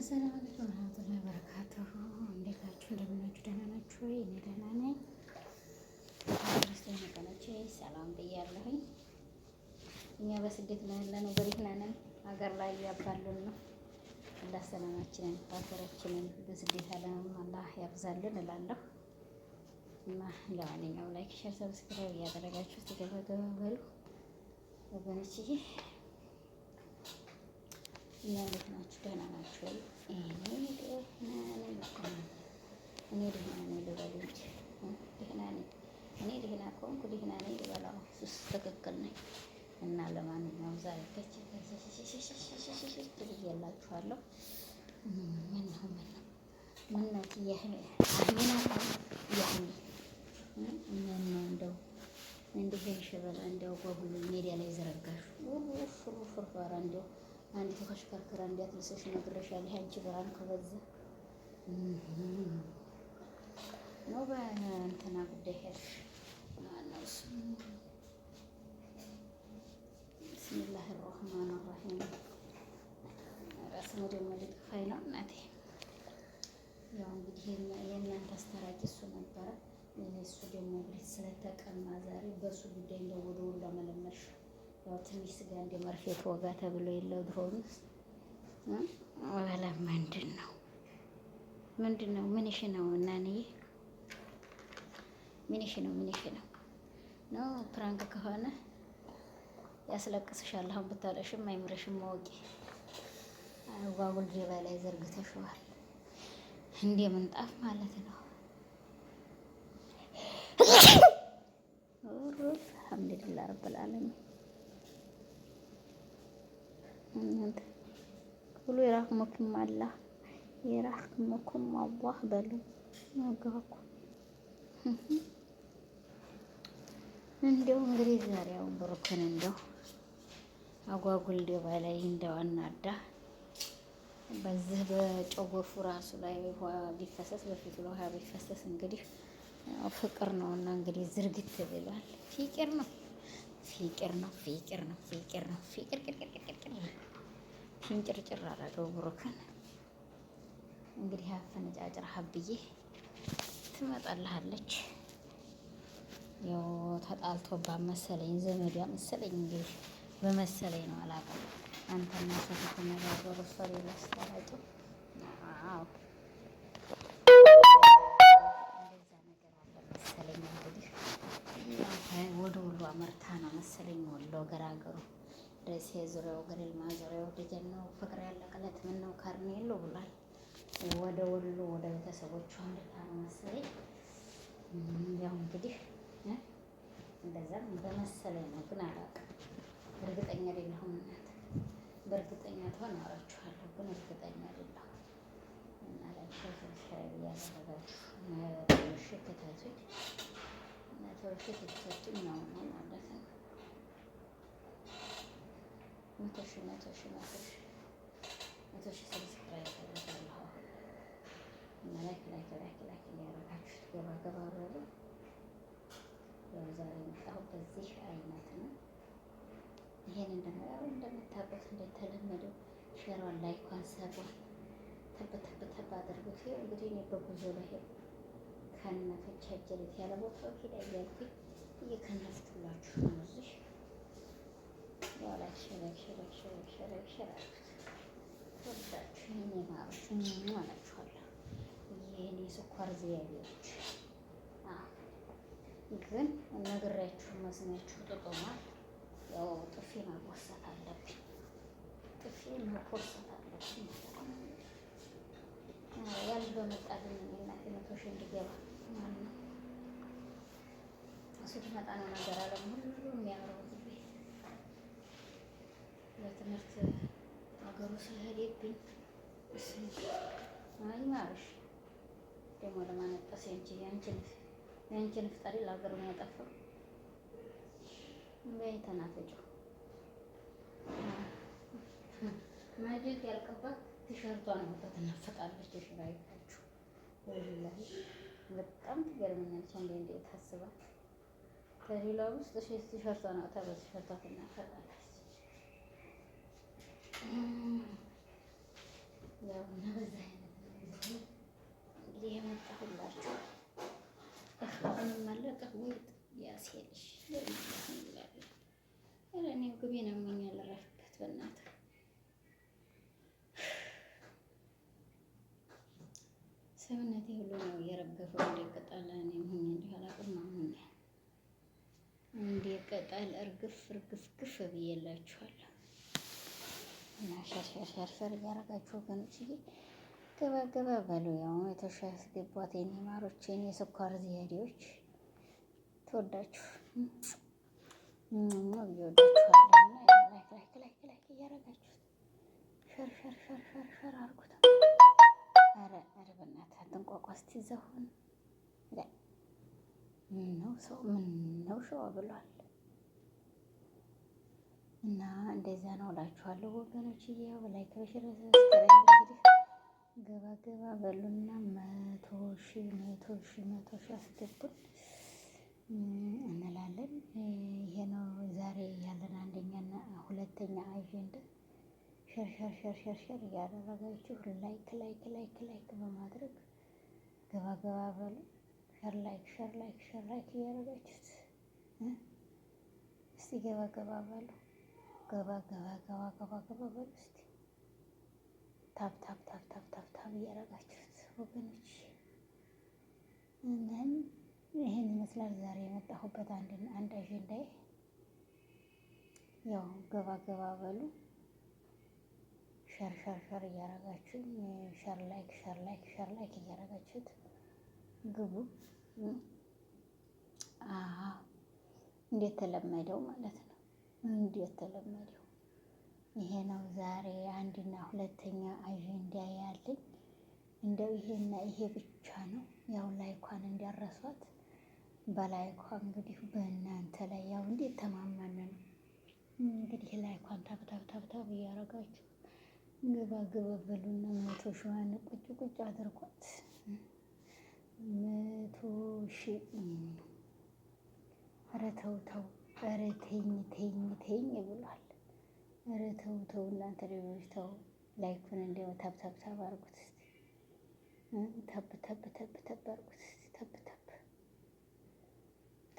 አሰላም አለይኩም ወራህመቱላሂ ወበረካቱሁ። እንዴት ናችሁ? እንደምናችሁ? ደህና ናችሁ ወይ? እኔ ደህና ነኝ። ክርስቲያን ወገኖቼ ሰላም ብያለሁኝ። እኛ በስደት ላይ ያለነው፣ በሪህና ነን። ሀገር ላይ ያባሉን ነው። አላህ ሰላማችንን በሀገራችንን በስደት ያለነው አላህ ያብዛልን እላለሁ እና ለማንኛውም ላይክ፣ ሼር፣ ሰብስክራይብ እያደረጋችሁ ተገበገበሉ ወገኖችዬ እና እንዴት ናችሁ? ደህና ናችሁ ወይ? እኔ ደህና ነኝ እኔ ደህና ነኝ ልበል እንጂ ደህና ነኝ። እኔ ደህና ከሆንኩ ደህና ነኝ ልበላው። እሱስ ትክክል ነኝ። እና ለማንኛውም ዛሬ ከች ብያላችኋለሁ። ላይ ዘረጋሽ አንድ ተሽከርክራ እንዲያትልሰሽ እነግርሻለሁ። አንቺ ብራን ከበዛ ነው በእንትና ጉዳይ ሄድሽ ማነው እሱ? ብስሚላህ ራህማን ራሂም። ራስ መደመድ ጥፋይ ነው እናቴ። ያው እንግዲህ የእናንተ አስታራቂ እሱ ነበረ። እሱ ደግሞ እንግዲህ ስለተቀማ ዛሬ በእሱ ጉዳይ እንደወደወሉ ለመለመልሽ ያው ትንሽ ስጋ እንደ መርፌ ተወጋ ተብሎ የለው ድሮውንስ ወላ ምንድን ነው ምንድን ነው ምንሽ ነው እናንዬ ምንሽ ነው ምንሽ ነው ኖ ፕራንክ ከሆነ ያስለቅስሻል አሁን ብታለሽም አይምረሽም ማወቂ አጓጉል ጀባ ላይ ዘርግተሽዋል እንደ ምንጣፍ ማለት ነው አልሐምዱሊላህ ረብል ዓለሚን እናንተ ሁሉ ይራህመኩም አላህ ይራህመኩም አላህ በሉ ነገርኩ። እንደው እንግዲህ ዛሬው ብሩክን እንደው አጓጉል ደባ ላይ እንደው አናዳ በዚህ በጨጎፉ ራሱ ላይ ውሃ ቢፈሰስ በፊቱ ውሃ ቢፈሰስ እንግዲህ ፍቅር ነው እና እንግዲህ ዝርግት ብሏል። ፊቅር ነው ፊቅር ነው ፊቅር ነው ፊቅር ነው ፊቅር ሽንጭርጭር አረገው ብሩክን። እንግዲህ አፈነጫጭር ሀብዬ ትመጣልሃለች። ያው ተጣልቶባት መሰለኝ ዘመዷ መሰለኝ እንግዲህ በመሰለኝ ነው አላውቅም። አንተና ሰው ተነጋገሩ። ሰሪ ላስታራቂው አዎ ወደ ወሎ አመርታ ነው መሰለኝ ወሎ ገራገሩ ደሴ ዙሪያው ገደልማ ዙሪያው ደጀን ነው ፍቅር ያለቀለት ምን ነው ካርኔ የለው ብሏል። ወደ ወሎ ወደ ቤተሰቦቿ እንድታ ነው መሰለኝ። ያው እንግዲህ እንደዛም በመሰለኝ ነው ግን አላውቅም፣ እርግጠኛ አይደለሁም። እናት በእርግጠኛ ትሆን አወራችኋለሁ፣ ግን እርግጠኛ አይደለሁም። እና ላቸው ሰብስክራይብ እያደረጋችሁ ተወርሽት ተታቶች እና ተወርሽት የተሰጡኝ ነው ማለት ነው መቶ ሺህ መቶ ሺህ መቶ ሺህ መቶ ሺህ ሰብስክራይብ አደርጋለሁ እና ላይክ ላይክ ላይክ ላይክ እያደረጋችሁ ትገባ ገባ በሉ። ዛሬ የመጣሁት በዚህ አይነት ነው። ይሄንን ደግሞ እንደምታውቁት እንደተለመደው ሼሯን ላይኳን ሰቧን ተብ ተብ ተብ አድርጉት። ይኸው እንግዲህ እኔ በጉዞ ላይ ሄድ ከነፈቻጀለት ያለ ቦታው ሄዳ እያልኩኝ እየከነፍኩላችሁ ነው እዚህ ሸበክ ሸበክ ሸበክ ሸበክ ሸበክ ሸበክ ወዳችሁ የኔ ማሮች እላችኋለሁ። የኔ ስኳር ዝያቢዎች ግን ነግራችሁ መስሚያችሁ ጥጡማል። ያው ጥፊ መጎሰት አለብኝ፣ ጥፊ መጎሰት አለብኝ። ያል በመጣልኝ እናቴ መቶ ሺህ እንዲገባ እሱ ትመጣ ነው ነገር አለም ሁሉ የሚያምረው ትምህርት አገሩ ስለሄደብኝ አይ ማርሽ ደግሞ ለማነጠስ ያንቺ ያንቺን ያንቺን ፍጠሪ ለሀገር ነው ያጠፋው። እንዴ ማጀት ማጅት ያልቀባት ቲሸርቷን ወጣ ተናፈጣለች። ሽራይታችሁ ወላሂ በጣም ትገርመኛለች። አንዴ እንዴ ታስባ ከሌላ ውስጥ ነው ወጣ ቲሸርቷ ተናፈጣለች። ያው እንግዲህ የመጣሁላችሁ። እህትንም አለ ቅርቡት ያስሄድሽ እኔ ግቢ ነው የምኛል እረፍበት በእናትህ ሰውነቴ ሁሉ ነው የረገፈው እንደ ቅጠል። እኔ ምን እንዲህ አላውቅም። አሁን እንደ ቅጠል እርግፍ እርግፍ ግፍ ብዬላችኋለሁ። እና እያረጋችሁ ወገኖችዬ ገባ ገባ በሉ። ያው የተሻስገቧት የኔ ማሮች፣ የኔ ተወዳችሁ ኧረ ኧረ በእናትህ ሰው ነው ሸዋ ብሏል። እና እንደዛ ነው እላችኋለሁ ወገኖችዬ። ያው ላይክ በሽር እንግዲህ ገባ ገባ በሉና መቶ ሺ መቶ ሺ መቶ ሺ አስገቡን እንላለን። ይሄ ነው ዛሬ ያለን አንደኛና ሁለተኛ አጀንዳ። ሸርሸር ሸርሸር ሸር እያደረጋችሁ ላይክ ላይክ ላይክ ላይክ በማድረግ ገባ ገባ በሉ። ሸር ላይክ ሸር ላይክ ሸር ላይክ እያደረጋችሁት እስቲ ገባ ገባ በሉ። ገባ ገባ ገባ ገባ ገባ በሉ እስኪ ታብ ታብ ታብ ታብ ታብ ታብ እያረጋችሁት ወገኖች፣ እናም ይህን ይመስላል ዛሬ የመጣሁበት አንድ አንድ አጀንዳዬ። ያው ገባ ገባ በሉ ሸር ሸር ሸር እያረጋችሁ ሸር ላይክ ሸር ላይክ ሸር ላይክ እያረጋችሁት ግቡ። አሀ እንደተለመደው ማለት ነው። እንደ የተለመደው ይሄ ነው ዛሬ አንድና ሁለተኛ አጀንዳ ያለኝ። እንደው ይሄና ይሄ ብቻ ነው። ያው ላይኳን እንዳረሷት በላይኳ እንግዲህ በእናንተ ላይ ያው እንዴት ተማመነ ነው እንግዲህ ላይኳን ታብታብ ታብታብ እያረጋችሁ ግባ ግባ በሉና መቶ ሺዋን ቁጭ ቁጭ አድርጓት። መቶ ሺ ኧረ ተው ተው። ኧረ ተኝ ተኝ ተኝ ብሏል። ኧረ ተው ተው እናንተ ልጆች ተው። ላይኩን እንዲያው ታብ ታብ ታብ አርጉት እስቲ ታብ ታብ ታብ ታብ አርጉት እስቲ ታብ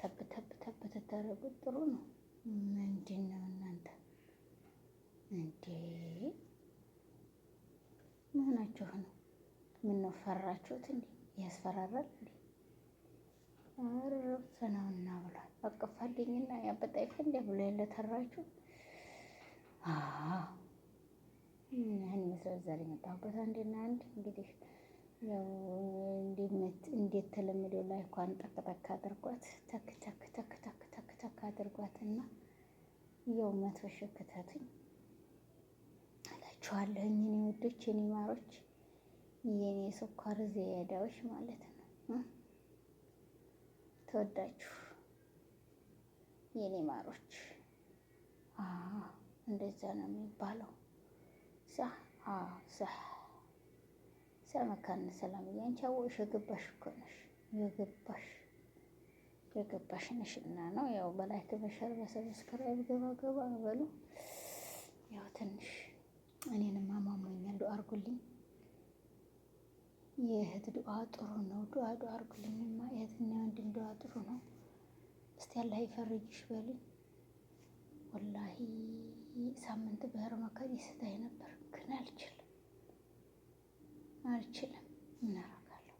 ታብ ታብ ታብ ታብ ተታረጉት ጥሩ ነው። ምንድን ነው እናንተ እንዴ መሆናችሁ ነው? ምን ነው ፈራችሁት እንዴ? ያስፈራራል እንዴ? አረ ሰናውና ብሏል። አቀፋልኝና ያበጣ ይፈንደ ብሎ ያለተራችሁ ይህን ይመስላል ዛሬ የመጣሁበት አንድና አንድ እንግዲህ እንዴት ተለምዶ ላይ እንኳን ጠቅጠክ አድርጓት ተክ ተክ ተክ ተክ ተክ ተክ አድርጓት እና ያው መቶ ሺህ ክተቱኝ አላችኋለሁ። እኔ ውዶች፣ የኔ ማሮች፣ የኔ ስኳር ዘያዳዎች ማለት ነው። ተወዳችሁ የኔ ማሮች። እንደዛ ነው የሚባለው። ሳ ሳ ሰመካነ ሰላም እያንቺ አወቅሽ። የገባሽ እኮ ነሽ የገባሽ የገባሽ ነሽ። እና ነው ያው በላይክ በሸር በሰብስክራይብ ገባ ገባ በሉ። ያው ትንሽ እኔንም አሟሞኛል። ዱአ አድርጉልኝ። የእህት ዱአ ጥሩ ነው። ዱአ ዱአ አድርጉልኝማ። እህትና ወንድም ዱአ ጥሩ ነው። እስቲ አላህ ይፈርጅሽ በልኝ። ወላሂ ሳምንት በህር መከሪ ስታይ ነበር፣ ግን አልችልም አልችልም። ምን አደርጋለሁ?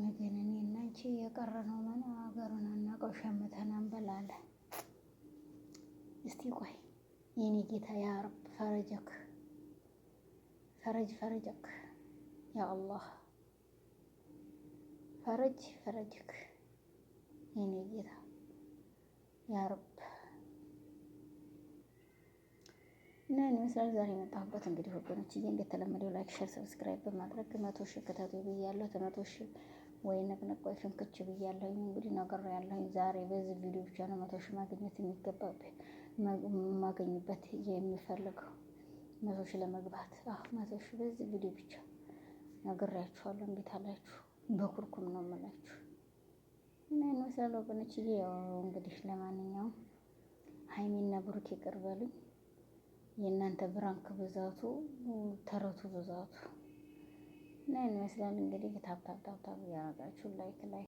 እኔ እና አንቺ የቀረነው መና ሀገሩን አናውቀው ሸምተን እንበላለን። እስቲ ቆይ የኔ ጌታ ያ ፈረጀክ ፈረጅ ፈረጀክ ያ አላህ ፈረጅ ፈረጅክ የኔ ጌታ ያርብ እና ይመስላል ዛሬ የመጣሁበት እንግዲህ ወገኖች እዬ እንደተለመደው ላይክ፣ ሸር፣ ሰብስክራይብ በማድረግ መቶ ሺህ ክተቱ ብያለሁ። ተመቶ ሺህ ወይ ነቅነቆ ሽንክች ብያለሁ። እንግዲህ ነገር ያለሁኝ ዛሬ በዚህ ቪዲዮ ብቻ ነው መቶ ሺህ ማግኘት የሚገባ ማገኝበት የሚፈልገው መቶ ሺህ ለመግባት መቶ ሺህ በዚህ ቪዲዮ ብቻ ነግሬያችኋለሁ። እንዴት አላችሁ? በኩርኩም ነው የምላችሁ። እና ይመስላል ወገኖች። ያው እንግዲህ ለማንኛውም ሀይሚና ብሩክ ይቅር በሉኝ። የእናንተ ብራንክ ብዛቱ፣ ተረቱ ብዛቱ እና ይመስላል እንግዲህ ታብታብታብታብ እያረጋችሁ ላይክ ላይ